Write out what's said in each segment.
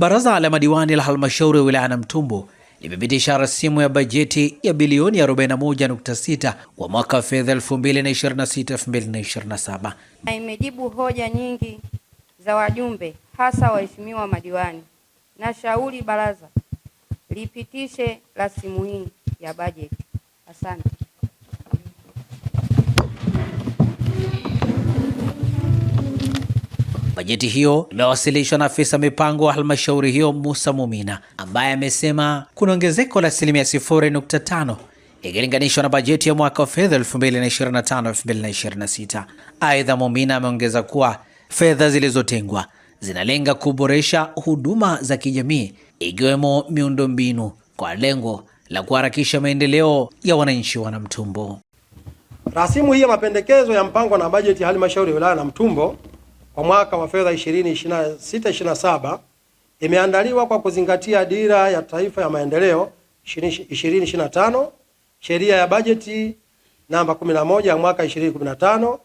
Baraza la madiwani la halmashauri ya wilaya Namtumbo limepitisha rasimu ya bajeti ya bilioni 41.6 kwa mwaka wa fedha 2026/2027. Na imejibu hoja nyingi za wajumbe hasa waheshimiwa madiwani, na shauri baraza lipitishe rasimu hii ya bajeti. Asante. Bajeti hiyo imewasilishwa na afisa mipango wa halmashauri hiyo Musa Mumina, ambaye amesema kuna ongezeko la asilimia 0.5 ikilinganishwa na bajeti ya mwaka wa fedha 2025/2026. Aidha, Mumina ameongeza kuwa fedha zilizotengwa zinalenga kuboresha huduma za kijamii ikiwemo miundombinu kwa lengo la kuharakisha maendeleo ya wananchi wa Namtumbo. Rasimu hii ya mapendekezo ya mpango na bajeti ya halmashauri ya wilaya Namtumbo kwa mwaka wa fedha 2026/2027 imeandaliwa kwa kuzingatia dira ya taifa ya maendeleo 2025, sheria ya bajeti namba 11 ya mwaka 2015,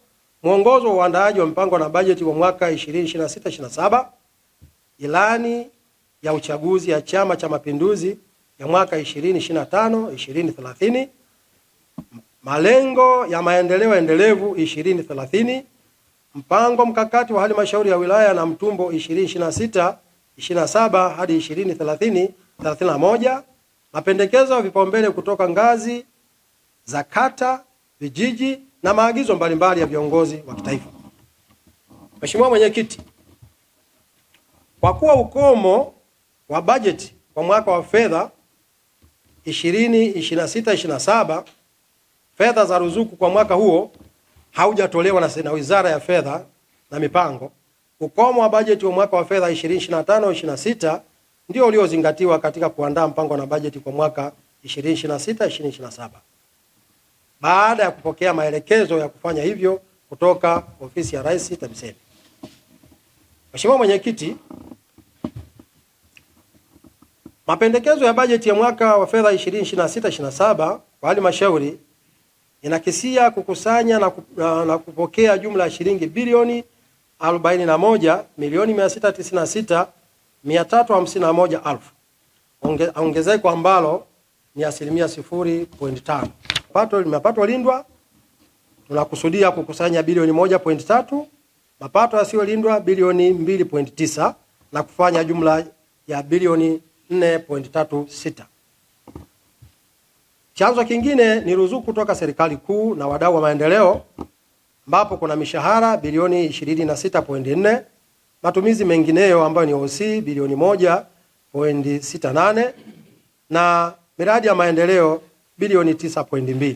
mwongozo wa uandaaji wa mpango na bajeti wa mwaka 2026/2027, ilani ya uchaguzi ya Chama cha Mapinduzi ya mwaka 2025-2030, malengo ya maendeleo endelevu 2030 Mpango mkakati wa halmashauri ya wilaya Namtumbo 2026 27 hadi 2030 31, mapendekezo ya vipaumbele kutoka ngazi za kata, vijiji na maagizo mbalimbali ya viongozi wa kitaifa. Mheshimiwa Mwenyekiti, kwa kuwa ukomo wa bajeti kwa mwaka wa fedha 2026 27 fedha za ruzuku kwa mwaka huo haujatolewa na, na Wizara ya Fedha na Mipango, ukomo wa bajeti wa mwaka wa fedha 2025 26 ndio uliozingatiwa katika kuandaa mpango na bajeti kwa mwaka 2026 2027 baada ya kupokea maelekezo ya kufanya hivyo kutoka ofisi ya Rais TAMISEMI. Mheshimiwa Mwenyekiti, mapendekezo ya bajeti ya mwaka wa fedha 2026 27 kwa halmashauri inakisia kukusanya na, kup, na, na kupokea jumla ya shilingi bilioni 41 milioni 696 ongezeko ambalo ni asilimia 0.5. Pato mapato lindwa tunakusudia kukusanya bilioni 1.3, mapato yasiyolindwa bilioni 2.9 na kufanya jumla ya bilioni 4.36. Chanzo kingine ni ruzuku kutoka serikali kuu na wadau wa maendeleo ambapo kuna mishahara bilioni 26.4, matumizi mengineyo ambayo ni OC bilioni 1.68 na miradi ya maendeleo bilioni 9.2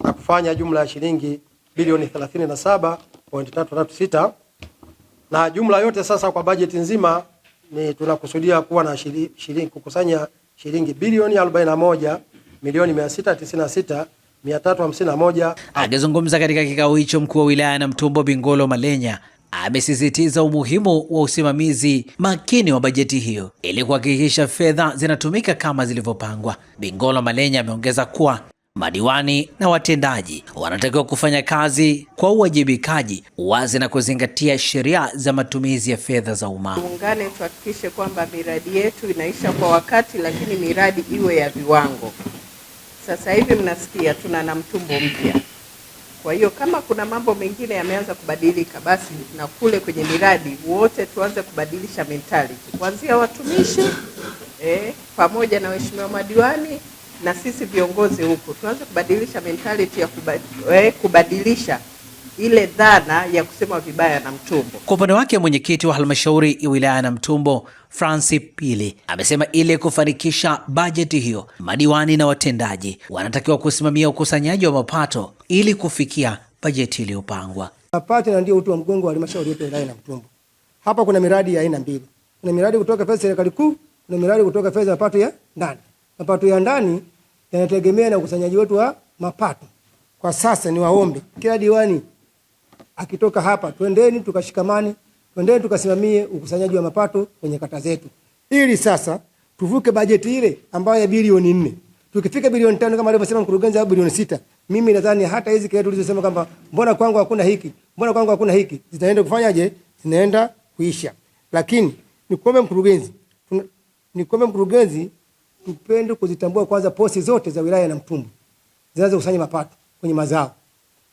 na kufanya jumla ya shilingi bilioni 37.336 na jumla yote sasa kwa bajeti nzima ni tunakusudia kuwa na shilingi kukusanya shilingi bilioni 41 milioni 696 351. Akizungumza katika kikao hicho, mkuu wa wilaya Namtumbo Bingolo Malenya amesisitiza umuhimu wa usimamizi makini wa bajeti hiyo ili kuhakikisha fedha zinatumika kama zilivyopangwa. Bingolo Malenya ameongeza kuwa madiwani na watendaji wanatakiwa kufanya kazi kwa uwajibikaji, wazi na kuzingatia sheria za matumizi ya fedha za umma. Tuungane, tuhakikishe kwamba miradi yetu inaisha kwa wakati, lakini miradi iwe ya viwango. Sasa hivi mnasikia tuna na mtumbo mpya. Kwa hiyo kama kuna mambo mengine yameanza kubadilika, basi na kule kwenye miradi wote tuanze kubadilisha mentality, kuanzia watumishi eh, pamoja na waheshimiwa madiwani na sisi viongozi huku tuanze kubadilisha mentality ya eh, kubadilisha ile dhana ya kusema vibaya Namtumbo. Kwa upande wake mwenyekiti wa halmashauri ya wilaya ya Namtumbo Francis Pili amesema ili kufanikisha bajeti hiyo, madiwani na watendaji wanatakiwa kusimamia ukusanyaji wa mapato ili kufikia bajeti iliyopangwa. Mapato na ndio uti wa mgongo wa halmashauri yetu ya wilaya ya Namtumbo. Hapa kuna miradi ya aina mbili, kuna miradi kutoka fedha ya serikali kuu, na miradi kutoka fedha ya mapato ya ndani. Mapato ya ndani yanategemea na ukusanyaji wetu wa mapato. Kwa sasa ni waombe kila diwani akitoka hapa, twendeni tukashikamane, twendeni tukasimamie ukusanyaji wa mapato kwenye kata zetu, ili sasa tuvuke bajeti ile ambayo ya bilioni nne tukifika bilioni tano kama alivyosema mkurugenzi, au bilioni sita mimi nadhani hata hizi kile tulizosema kwamba mbona kwangu hakuna hiki, mbona kwangu hakuna hiki, zitaenda kufanyaje? Zinaenda kuisha. Lakini nikuombe mkurugenzi, nikuombe mkurugenzi, tupende kuzitambua kwanza posti zote za wilaya ya Namtumbo zinazokusanya mapato kwenye mazao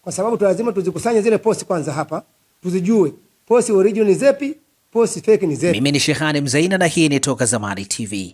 kwa sababu lazima tuzikusanye zile posti kwanza hapa, tuzijue posti original ni zepi, posti fake ni zepi. Mimi ni Shehani Mzaina na hii ni Toka Zamani TV.